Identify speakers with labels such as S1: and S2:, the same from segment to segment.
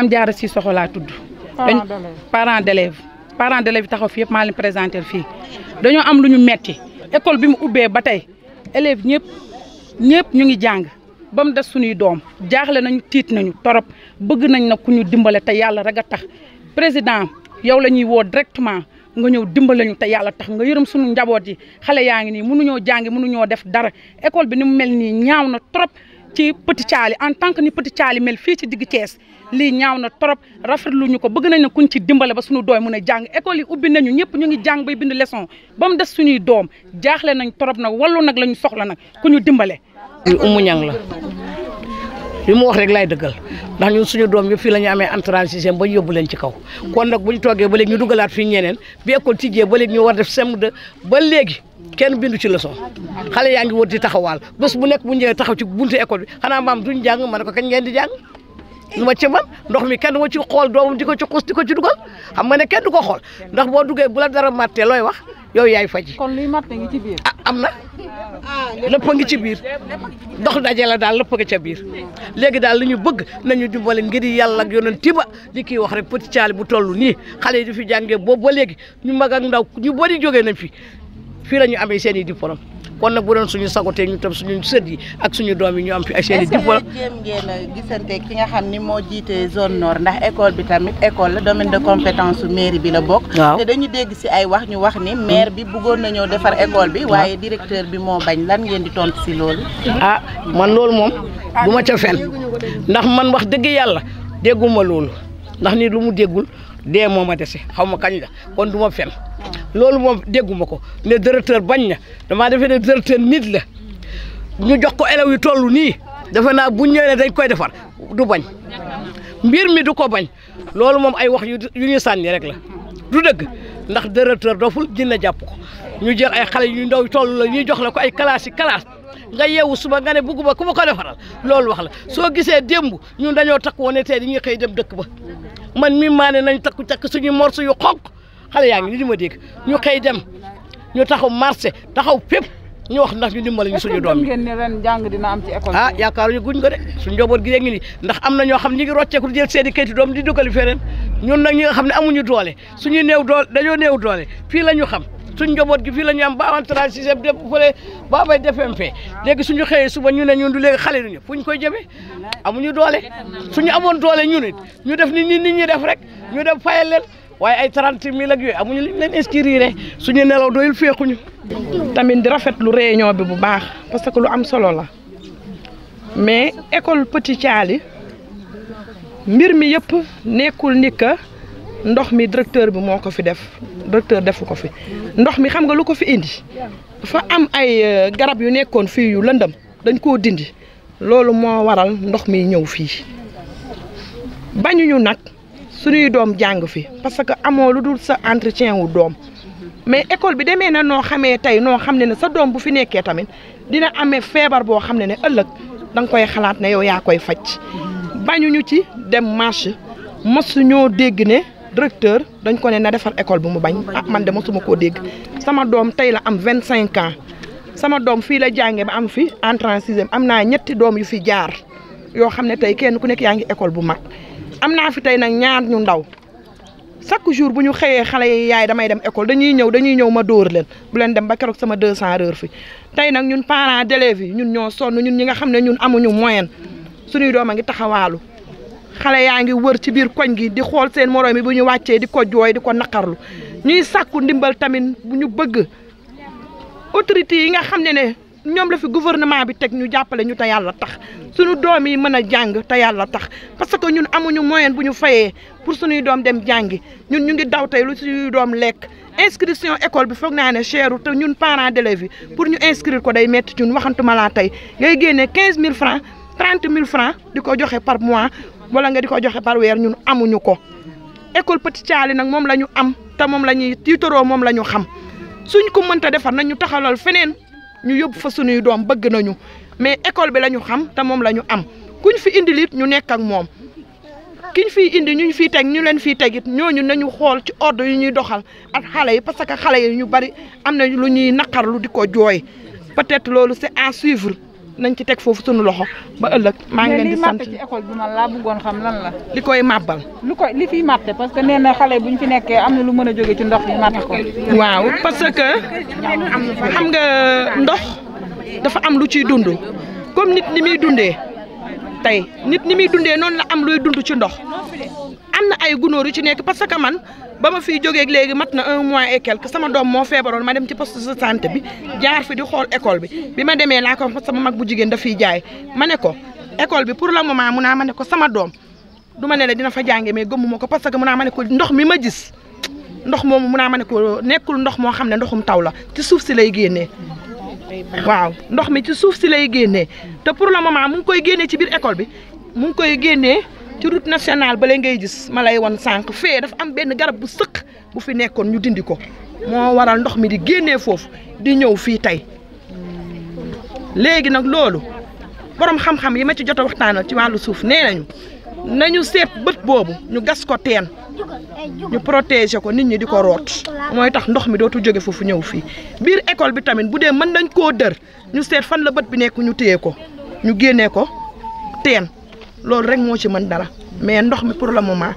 S1: am jaara si soxo laa tudd. dañ parents d'élèves parents d'élèves taxaw fi yëpp maa leen présenté fii dañoo am lu ñu metti école bi mu ubbee ba tey élèves ñëpp ñëpp ñu ngi jàng ba mu des suñuy doom jaaxle nañu tiit nañu trop bëgg nañ na ku ñu dimbale te yàlla rek a tax président yow la ñuy woo directement nga ñëw dimbale ñu te yàlla tax nga yërëm suñu njaboot yi xale yaa ngi nii mënuñoo jàng mënuñoo def dara école bi ni mu mel nii ñaaw na trop. ci Petit Thialy en tant que ni Petit Thialy mel fii ci digg Thiès lii ñaaw na trop rafetlu ñu ko bëgg nañ ne kuñ ci dimbale ba suñu dooy mu na jàng école yi ubbi nañu ñëpp ñu ngi jàng bay bind leçon ba mu des suñuy doom jaaxle nañ trop nag wallu nag la ñu soxla nag ku ñu dimbale.
S2: umu ñang la li mu wax rek laay dëggal ndax ñun suñu doom yëpp fii la ñu amee entrée ba yóbbu leen ci kaw kon nag bu ñu toogee ba léegi ñu dugalaat fii ñeneen bi école tijjee ba léegi ñu war def sem de ba léegi. kenn bindu ci la leçon xale yaa ngi wër di taxawaal bés bu nekk bu ñëwee taxaw ci buntu école bi xanaa maam duñ jàng ma ne ko kañ ngeen di jàng ma ci man ndox mi kenn du ci xool doomam di ko ci xus di ko ci dugal xam nga ne kenn du ko xool ndax boo duggee bu la dara mattee looy wax yow yaay faji kon luy matte ngi ci biir ah am na
S3: lépp a ngi ci biir
S2: dox daje la daal lépp a ngi biir léegi daal li ñu bëgg nañu dimbale ngir yàlla ak yonent ba li kii wax rek petit caali bu toll nii xale yi di fi jàngee boobu ba léegi ñu mag ak ndaw ñu bëri jógee nañ fi fii la ñu amee seen i diplôme kon nag bu doon suñu sagotee ñu tam suñu sët yi ak suñu doom yi ñu am fi ay seen i diplôme.
S4: jéem ngeen gisante ki nga xam ni moo jiite zone nord ndax école bi tamit école la domaine de compétence su mairie bi la bokk. waaw te dañu dégg si ay wax ñu wax ni maire bi bëggoon nañoo defar école bi. waaye directeur bi moo bañ lan ngeen di tontu si loolu. ah
S2: man loolu moom du ma ca fen ndax man wax dëgg yàlla dégguma loolu ndax ni lu mu déggul. dee moom ma dese xaw ma kañ la kon du ma fen loolu moom dégguma ko ne directeur bañ na damaa defee ne directeur nit la ñu jox ko élèves yi toll nii defe naa bu ñëwee dañ koy defar du bañ mbir mi du ko bañ loolu moom ay wax yu ñu sànni rek la du dëgg ndax directeur doful dina jàpp ko ñu jël ay xale yu ndaw toll la ñuy jox la ko ay classe yi classe nga yeewu suba nga ne bugguma ku ma ko defaral loolu wax la soo gisee démb ñun dañoo takk woon ne tey dañuy xëy dem dëkk ba man mii maanee ne nañ takku takk suñu morso yu xonq xale yaa ngi ni di ma dégg ñu xëy dem ñu taxaw marché taxaw fépp ñu wax ndax ñu dimbali ñu suñu doom yi ren jàng dina am ci école ah yaakaaruñu guñ ko de su njaboot gi ngi ni ndax am na ñoo xam ñi ngi rocceeku di jël seen i kayiti doom di dugali feneen ñun nag ñi nga xam ne amuñu doole suñu néew doole dañoo néew doole fii la ñu xam suñ njaboot gi fii la ñu am ba entrage si def fële ba bay defem fee léegi suñu xëyee suba ñu ne ñun du léegi xale ñu fu ñu koy jëmee amuñu doole suñu amoon doole ñu nit ñu def ni nit ñi def rek ñu def fayal leen waaye ay trente mille ak yooyu amuñu li liñ leen inscrire suñu nelaw
S4: doyul féexuñu tamit di rafetlu réunion bi bu baax parce que lu am solo la mais école Petit Thialy mbir mi yëpp nekkul ni ndox mi directeur bi moo ko fi def directeur defu ko fi ndox mi xam nga lu ko fi indi fa am ay euh, garab yu nekkoon fii yu lëndëm dañ koo dindi loolu moo waral ndox mi ñëw fii bañuñu nag suñuy doom jàng fi parce que amoo lu dul sa entretien wu doom mais école bi demee na noo xamee tey noo xam ne ne sa doom bu fi nekkee tamit dina amee feebar boo xam ne ne ëllëg da nga koy xalaat na yow yaa koy faj bañuñu ci dem marché mosuñoo dégg ne directeur dañ ko ne na defar école bu mu bañ ah man dem mosuma koo dégg sama doom tey la am vingt cinq ans sama doom fii la jànge ba am fi entrée en am naa ñetti doom yu fi jaar yoo xam ne tey kenn ku nekk yaa ngi école bu mag am naa fi tey nag ñaar ñu ndaw chaque jour bu ñu xëyee xale yi yaay damay dem école dañuy ñëw dañuy ñëw ma dóor leen bu leen dem ba keroog sama deux cent heures fi tey nag ñun parent d'élèves yi ñun ñoo sonn ñun ñi nga xam ne ñun amuñu moyen suñuy doom a ngi taxawaalu xale yaa ngi wër ci biir koñ gi di xool seen moroom yi bu ñu wàccee di ko jooy di ko naqarlu ñuy sàkku ndimbal tamit bu ñu bëgg autorité yi nga xam ne ne ñoom la fi gouvernement bi teg ñu jàppale ñu te yàlla tax suñu doom yi mën a jàng te yàlla tax parce que ñun amuñu moyen bu ñu fayee pour suñuy doom dem jàngi ñun ñu ngi daw tey lu suñuy doom lekk inscription école bi fog naa ne cheru te ñun parent d'élèves yi pour ñu inscrire ko day metti ñun waxantu laa tey ngay génne quinze mille francs trente mille francs di ko joxe par mois wala nga di ko joxe par weer ñu nu amuñu ko école Petit Thialy nag moom la ñu am te moom la ñuy tiitaroo moom la ñu xam suñu ko mënta defar nañ ñu taxalal feneen ñu yóbbu fa suñuy doom bëgg nañu mais école bi la ñu xam te moom la ñu am kuñ fi indi lit ñu nekk ak moom kiñ fiy indi ñu fi teg ñu leen fiy teg it ñooñu nañu xool ci ordre yu ñuy doxal ak xale yi parce que xale yi ñu bari am na lu ñuy naqar lu di ko jooy peut-être loolu c'est à suivre nañ ci teg foofu sunu loxo ba ëllëg. maa ngi leen di sant ci école bi man laa bëggoon xam lan la. li koy màbbal. lu
S1: li fiy màtte parce que nee na xale bu ñu fi nekkee am na lu mën a jóge ci ndox yi màtte ko. waaw parce
S4: que xam nga ndox dafa am lu ciy dund comme nit ni muy dundee tey nit ni muy dundee noonu la am luy dund ci ndox. am na ay gunóor yu ci nekk parce que man ba ma fi jógee léegi mat na un mois et quelque sama doom moo feebaroon ma dem ci poste de santé bi jaar fi di xool école bi bi ma demee laa ko sama mag bu jigéen daf fiy jaay ma ne ko école bi pour le moment mu naa ma ko sama doom ma ne la dina fa jànge mais gëmmu ko parce que mu naa ne ko ndox mi ma gis ndox moomu mun naa ma ne ko nekkul ndox moo xam ne ndoxum taw la ci suuf si lay génnee waaw ndox mi ci suuf si lay génnee te pour la moment mu koy génnee ci biir école bi mu ngi koy génnee ci route nationale bale ngay gis ma lay wan sànq fee dafa am benn garab bu sëq bu fi nekkoon ñu dindi ko moo waral ndox mi di génnee foofu di ñëw fii tey léegi nag loolu borom xam-xam yi ma ci jot a waxtaanal ci wàllu suuf nee nañu nañu seet bët boobu ñu gas ko teen ñu protéger ko nit ñi di ko root mooy tax ndox mi dootu jóge foofu ñëw fii biir école bi tamit bu dee mën nañ koo dër ñu seet fan la bët bi nekk ñu téye ko ñu génnee ko teen loolu rek moo ci mën dara mais ndox mi pour le moment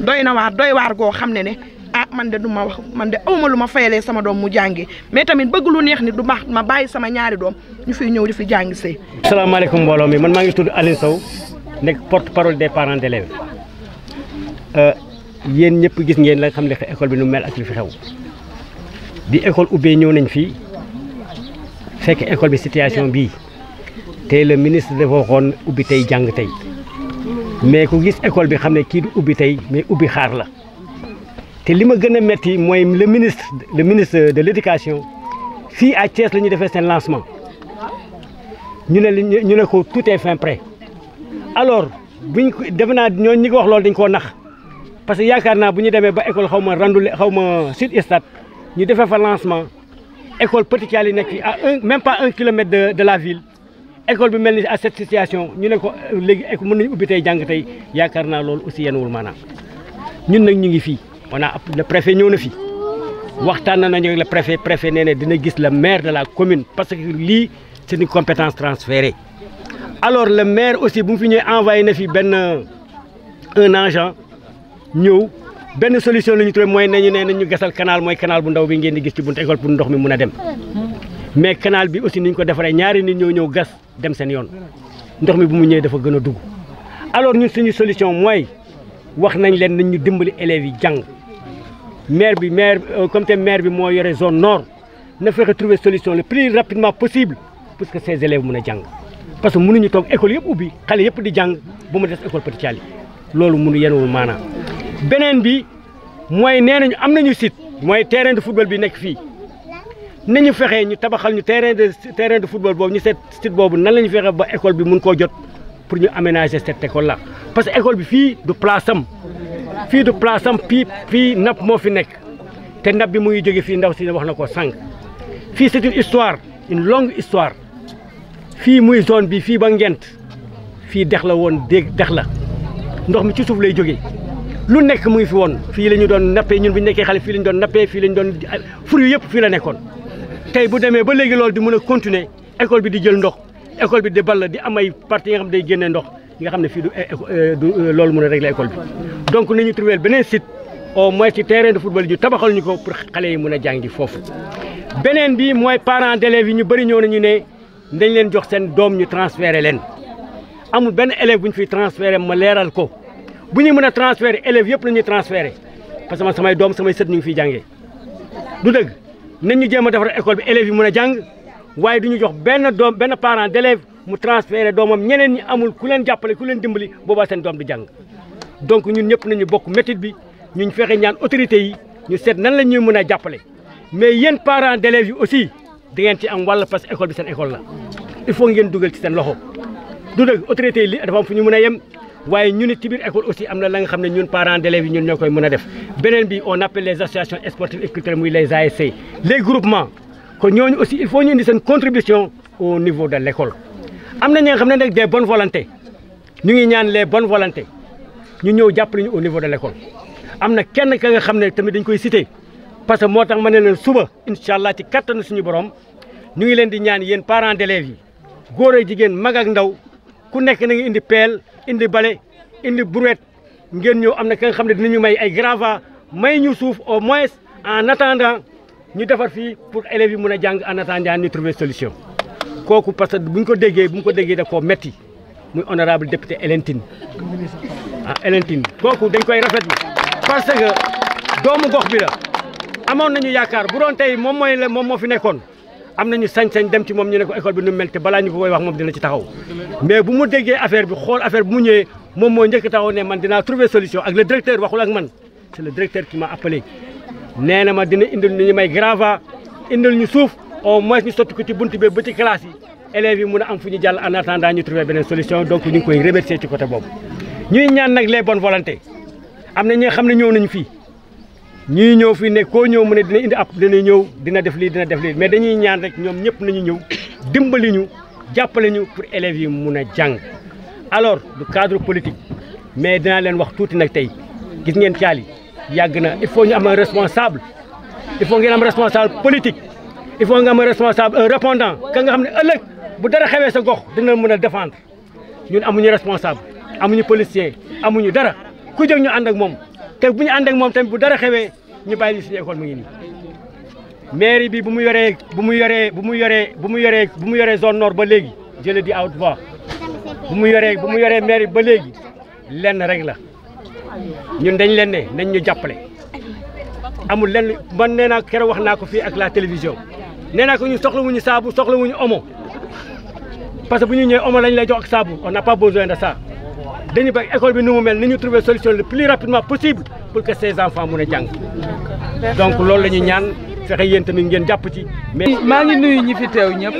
S4: doy na waar doy waar goo xam ne ne ah man de du ma wax man de awma lu ma fayalee sama doom mu jàngi mais tamit bëgg lu neex ni du baax ma bàyyi sama ñaari doom ñu fiy ñëw di fi jàngi sëy
S3: asalaamaaleykum mbooloo mi man maa ngi tudd Aline Sow nekk porte parole des parents d'élèves euh, yéen ñëpp gis ngeen la xam ne école bi nu mel ak li fi xew bi école ubbee ñëw nañ fii fekk école bi situation bii te le ministre dafa waxoon ubbi tey jàng tey mais ku gis école bi xam ne kii du ubbi tey mais ubbi xaar la te li ma gën a metti mooy le ministre le ministre de l'éducation fii à Thiès la ñuy defee seen lancement ñu ne ñu ne ko tout est fin prêt alors buñ ko defe ñoo ñi ko wax loolu dañ koo nax parce que yaakaar naa bu ñu demee ba école xaw ma Randoulé xaw ma Sud Estat ñu defee fa lancement école Petit Thialy yi nekk un même pas la ville école bi mel ni à cette situation ñu ne ko léegi mën nañu ubbi tey yaakaar naa loolu aussi yenuwul maanaam ñun nag ñu ngi fii on a le ñëw na fii waxtaan na nañu le préfet préfet nee na dina gis la maire de la commune parce que lii c'est ni compétence transférée alors le maire aussi bu mu fi ñëwee envoyé na fi benn un agent ñëw benn solution la ñu trouvé mooy nañu nee na ñu gasal canal mooy canal bu ndaw bi ngeen di gis ci buntu école pour ndox mi mun a dem mais canal bi aussi ni ñu ko defaree ñaari nit ñoo ñëw gas dem seen yoon ndox mi bu mu ñëwee dafa gën a dugg alors ñun suñu solution mooy wax nañ leen nañ ñu dimbali élèves yi jàng maire bi maire euh, comité maire bi moo yore zone noor na fexe trouver solution le plus rapidement possible pour que ces élèves mën a jàng parce que ñu toog école yëpp ubbi xale yëpp di jàng bu mu des école Petit Thialy loolu mënu yenwul maanaam beneen bi mooy nee nañu am nañu site mooy terrain de football bi nekk fii ñu fexe ñu tabaxal ñu terrain de terrain de football boobu ñu seet site boobu nan la ñu fexe ba école bi mun ko jot pour ñu aménager cette école la parce que école bi fii du place am fii du place am pii fii napp moo fi nekk te napp bi mu ngi jóge fii ndaw si wax na ko sànq fii c'est une histoire une longue histoire fii muy zone bi fii ba Ngent fii dex la woon dégg dex la ndox mi ci suuf lay jógee lu nekk mu ngi fi woon fii la ñu doon nappee ñun bu ñu nekkee xale fii la doon nappee fii la doon yëpp fii la nekkoon. tey bu demee ba léegi loolu di mën a continuer école bi di jël ndox école bi di ball di amay ay parti yi nga xam day génnee ndox nga xam ne fii du eh, eh, eh, loolu mën a régler école bi donc ñu trouver beneen site au moins ci terrain de football ñu tabaxal ñu ko pour xale yi mën a jàngi foofu beneen bi mooy parents d'élèves yi ñu bëri ñëw nañu ne dañ leen jox seen doom ñu transféré leen amul benn élève bu ñu fiy transféré ma leeral ko bu ñu mën a transféré élèves yëpp la ñuy transféré que samay doom samay sët ñu ngi fiy jàngee du dëgg nañ ñu jéem a defar école bi élèves yi mën a jàng waaye du ñu jox benn doom benn parent d' élève mu transféré doomam ñeneen ñi amul ku leen jàppale ku leen dimbali boobaa seen doom di jàng donc ñun ñëpp nañu bokk métit bi ñu fexe ñaan autorités yi ñu seet nan la ñu mën a jàppale mais yen parents d' élèves yi aussi ngeen ci am wàll parce que école bi seen école la il faut ngeen dugal ci seen loxo du dëgg autorités yi li dafa fu ñu mën a yem waaye ñu nit ci biir école aussi am na la nga xam ne ñun parents d'élèves yi ñun ñoo koy mën a def beneen bi on appelle les associations sportives et culturelles muy les ASC les groupements kon ñooñu aussi il faut ñu indi seen contribution au niveau de l'école am na ñi xam ne nag des bonnes volontés ñu ngi ñaan les bonnes volontés ñu ñëw jàppale ñu au niveau de l'école am na kenn ka nga xam ne tamit dañ koy site parce que moo tax ma ne leen suba incha allah ci kattan suñu borom ñu ngi leen di ñaan yéen parents d'élèves yi góor ak jigéen mag ak ndaw ku nekk na indi peel indi bale indi brouette ngeen ñëw am na ka nga xam ne dinañu may ay gravats may ñu suuf au moins en attendant ñu defar fii pour élèves yi mën a jàng en attendant ñu trouver solution kooku parce que bu ñu ko déggee bu ñu ko déggee da koo metti muy honorable député Hélène Tine ah Hélène Tine kooku dañ koy rafetlu parce que doomu gox bi la amoon nañu yaakaar bu doon tey moom mooy la moom moo fi nekkoon am nañu sañ-sañ dem ci moom ñu ne ko école bi nu mel te balaa ñu ko koy wax moom dina ci taxaw mais bu mu déggee affaire bi xool affaire bu mu ñëwee moom moo njëkk taxaw ne man dina trouver solution ak le directeur waxul ak man c'est le directeur qui m'a appelé nee na dina indil ñu may grava indil ñu suuf au moins ñu sotti ko ci buntu bi ba ci classe yi élèves yi mun am fu ñu jàll en attendant ñu trouver beneen solution donc ñu ngi koy remercier ci côté boobu ñuy ñaan nag les bonnes volontés am na ñi xam ne ñëw nañu fii ñii ñëw fii ne koo ñëw mu ne dina indi app dina ñëw dina def lii dina def lii mais dañuy ñaan rek ñoom ñëpp nañu ñëw dimbali ñu jàppale ñu pour élèves yi mun jàng alors du cadre politique mais dinaa leen wax tuuti nag tey gis ngeen caal yi yàgg na il faut ñu am un responsable il faut ngeen am responsable politique il faut nga am un responsable répondant ka nga xam ne ëllëg bu dara xewee sa gox dina mën a défendre ñun amuñu responsable amuñu policier amuñu dara ku jóg ñu ànd ak moom te bu ñu ànd ak moom tamit bu dara xewee ñu bàyyi li suñu école mu ngi nii mairie bi bu mu yoree bu mu yoree bu mu yoree bu mu yoree bu mu yoree zone nord ba léegi jële di haute voix
S4: bu mu yoree bu mu yoree
S3: mairie ba léegi lenn rek la ñun dañ leen ne nañ ñu jàppale amul lenn man nee naa keroog wax naa ko fii ak la télévision nee naa ko ñu soxlawuñu saabu wuñu omo parce que bu ñu ñëwee omo lañ lay jox saabu o n'a pas besoin de ça dañu bëgg école bi nu mu mel ni ñu trouver solution le plus rapidement possible pour que ces enfants mun a jàng donc loolu la ñuy ñaan fexe yéen tamit ngeen jàpp ci. mais maa ngi nuyu ñi fi teew ñëpp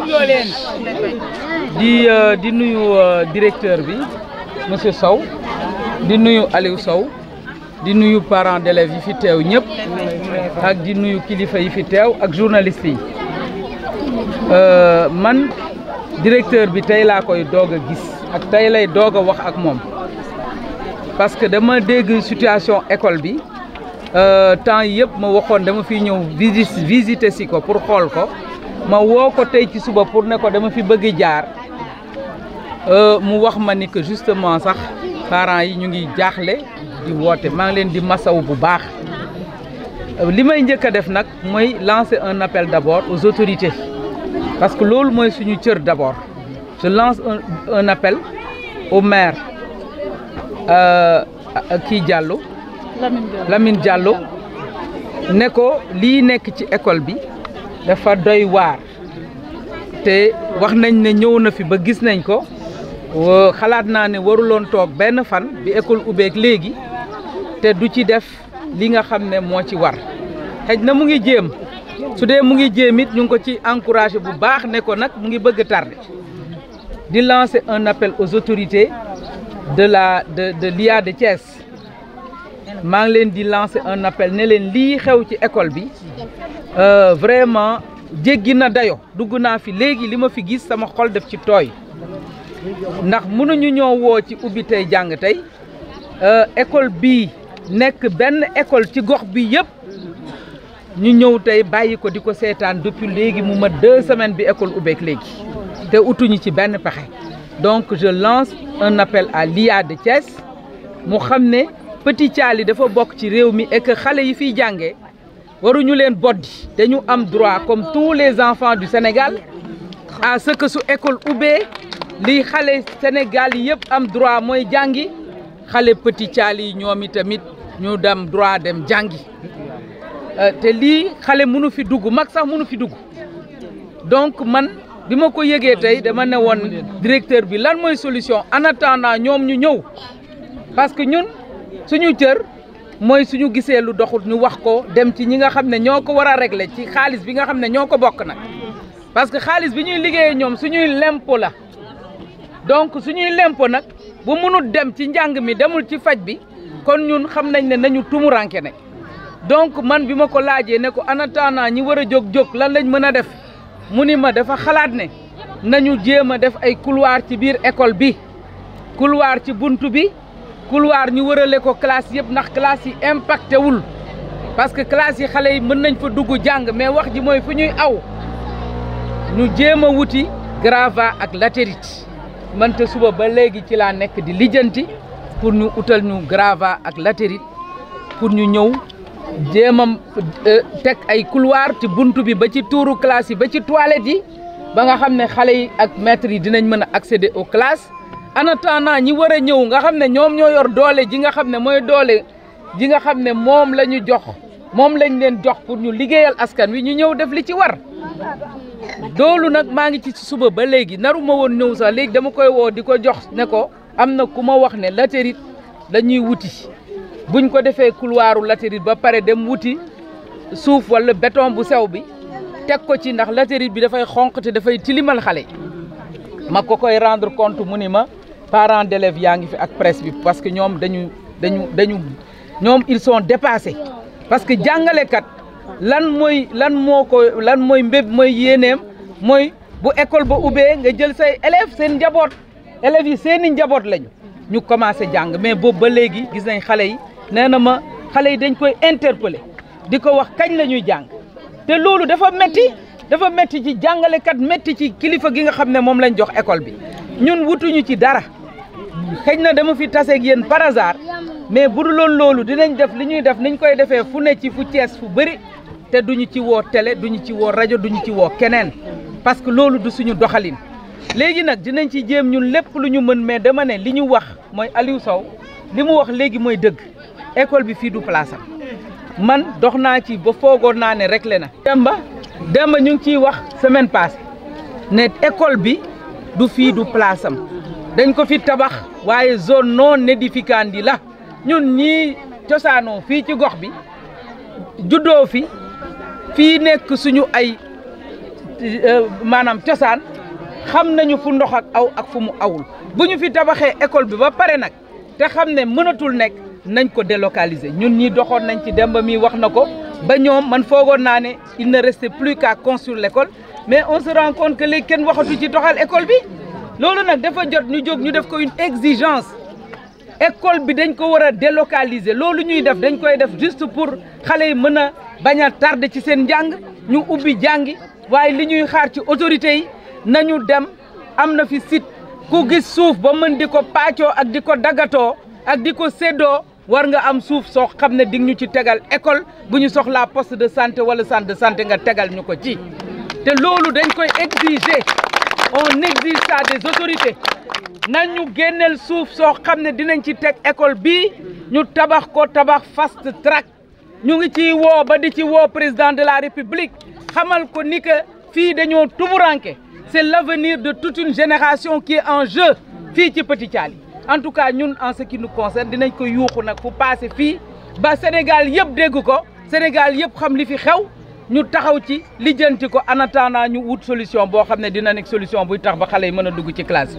S3: di euh, di nuyu
S1: euh, directeur bi monsieur Sow di nuyu Aliou Sow di nuyu parents d'élèves yi fi teew ñëpp ak di nuyu kilifa yi fi teew ak journalistes yi euh, man directeur bi tey laa koy doog a gis ak tey lay doog a wax ak moom. parce que dama dégg situation école bi euh, temps yëpp ma waxoon dama fi ñëw visite visiter si ko pour xool ko ma woo ko tey ci suba pour ne ko dama fi bëgg jaar euh, mu wax ma ni que justement sax parents yi ñu ngi jaaxle di woote maa ngi leen di masaw bu baax euh, li may njëkk a def nag mooy lancer un appel d'abord aux autorités parce que loolu mooy suñu cër d'abord je lance un, un appel au maire Euh, kii Diallo Lamine Diallo ne ko li nekk ci école bi dafa doy waar te wax nañ ne ñëw na fi ba gis nañ ko xalaat naa ne waruloon toog benn fan bi école ubbeek léegi te du ci def li nga xam ne moo ci war xëj na mu ngi jéem su dee mu ngi jéemit it ko ci encouragé bu baax ne ko nag mu ngi bëgg tardé di lancer un appel aux autorités de la de de l'IA de Thiès maa ngi leen di lancer un appel ne leen lii xew ci école bi euh, vraiment jéggi na dayo dugg naa fi léegi li ma fi gis sama xol def ci tooy ndax mënuñu ñëw woo ci ubbi tey jàng tey euh, école bii nekk benn école ci gox bi yëpp ñu ñëw tey bàyyi ko di ko seetaan depuis léegi mu ma deux semaine bi école ubbeek léegi te utuñu ci benn pexe donc je lance un appel à l'IA de Thiès mu xam ne Petit Thialy dafa bokk ci réew mi et xale yi fiy jàngee waruñu leen boddi dañu am droit comme tous les enfants du senegal à ce que su école ubbee li xale senegal yi yëpp am droit mooy jàngi xale Petit Thialy yi ñoom i tamit ñu dam droit dem jàngi euh, te lii xale mënu fi dugg mag sax mënu fi dugg donc man bi ma ko yëgee tey dama ne woon directeur bi lan mooy solution en ñoom ñu ñëw parce que ñun suñu cër mooy suñu gisee lu doxul ñu wax ko dem ci ñi nga xam ne ñoo ko war a régler ci xaalis bi nga xam ne ñoo ko bokk nag parce que xaalis bi ñuy liggéeyee ñoom suñuy lempo la donc suñuy lempo nag bu mënul dem ci njàng mi demul ci faj bi kon ñun xam nañ ne nañu tumuranke ne donc man bi ma ko laajee ne ko en ñi war a jóg jóg lan lañ mën a def mu ni ma dafa xalaat ne nañu jéem a def ay couloir ci biir école bi kulwaar ci bunt bi couloir ñu wërale ko classe yëpp ndax classe yi impacté wul parce que classe yi xale yi mën nañ fa dugg jàng mais wax ji mooy fu ñuy aw ñu jéem a wuti grava ak latérite man te suba ba léegi ci laa nekk di lijjanti pour ñu utal ñu grava ak latérite pour ñu ñëw jéem a euh, teg ay couloir ci bunt bi ba ci tuuru classe yi ba ci toilette yi ba nga xam ne xale yi ak maître yi dinañ mën a accéder aux classes en attendant ñi war a ñëw nga xam ne ñoom ñoo yor doole ji nga xam ne mooy doole ji nga xam ne moom la ñu jox moom lañ leen jox pour ñu liggéeyal askan wi ñu ñëw def li ci war doolu nag maa ngi ci suba ba léegi naru ma woon ñëw sax léegi dama koy woo di ko jox ne ko am na ku ma wax ne laterit la wuti buñ ko defee couloiru latérite ba pare dem wuti suuf wala béton bu sew bi teg ko ci ndax latérite bi dafay xonq te dafay tilimal xale ma ko koy rendre compte mu ni ma parents d'élèves yaa ngi fi ak presse bi parce que ñoom dañu dañu dañu ñoom il sont dépassés parce que kat lan mooy lan moo ko lan mooy mbéb mooy yéeneem mooy bu école ba ubbee nga jël say élèves seen njaboot élèves yi seeni njaboot lañu ñu commencé jàng mais boobu ba léegi gis nañ xale yi nee na ma xale yi dañ koy interpeller di ko wax kañ la ñuy jàng te loolu dafa metti dafa metti ci jàngalekat metti ci kilifa gi nga xam ne moom lañ jox école bi ñun wutuñu ci dara xëy na dama fi taseeg yéen par hasard mais bu dul loon loolu dinañ def li ñuy def niñ koy defee fu ne ci fu Cees fu bëri te duñu ci woo télé duñu ci woo rajo duñu ci woo keneen parce que loolu du suñu doxalin léegi nag dinañ ci jéem ñun lépp lu ñu mën mais dama ne li ñu wax mooy Aliou Sow li mu wax léegi mooy dëgg école bi fii du place man dox naa ci ba foogoon naa ne réglé na. Demba Demba ñu ngi ciy wax semaine passée ne école bi du fii du place dañ ko fi tabax waaye zone non di la ñun ñii cosaanoo fii ci gox bi ju doo fi fii nekk suñu ay euh, maanaam cosaan xam nañu fu ndox ak aw ak fu mu awul bu ñu fi tabaxee école bi ba pare nag te xam ne mënatul nekk. nañ ko délocaliser ñun ñi doxoon nañ ci demba mi wax na ko ba ñoom man foogoon naa ne il ne restait plus qu'à construire l'école mais on se rend compte que léegi kenn waxatu ci doxal école bi loolu nag dafa jot ñu jóg ñu def ko une exigence école bi dañ ko war a délocaliser loolu ñuy def dañ koy def juste pour xale yi mën a bañ a tardé ci seen njàng ñu ubbi jàngi waaye li ñuy xaar ci autorités yi nañu dem am na fi sit ku gis suuf ba mën di ko paccoo ak di ko daggatoo ak di ko séddoo war nga am suuf soo xam ne di ñu ci tegal école bu ñu soxlaa poste de santé wala sant de santé nga tegal ñu ko ci te loolu dañ koy exiger on exige ça des autorités ñu génneel suuf soo xam ne dinañ ci teg école bii ñu tabax ko tabax fast track ñu ngi ci woo ba di ci woo président de la république xamal ko ni que fii dañoo tumuranke c'est l'avenir de toute une génération kii est en jeu fii ci Petit Thialy en tout cas ñun en ce qui dinañ ko yuuxu nag fu passé fii ba Sénégal yëpp dégg ko Sénégal yëpp xam li fi xew ñu taxaw ci lijjanti ko en attendant ñu wut solution boo xam ne dina nekk solution buy tax ba xale yi mën a dugg ci classe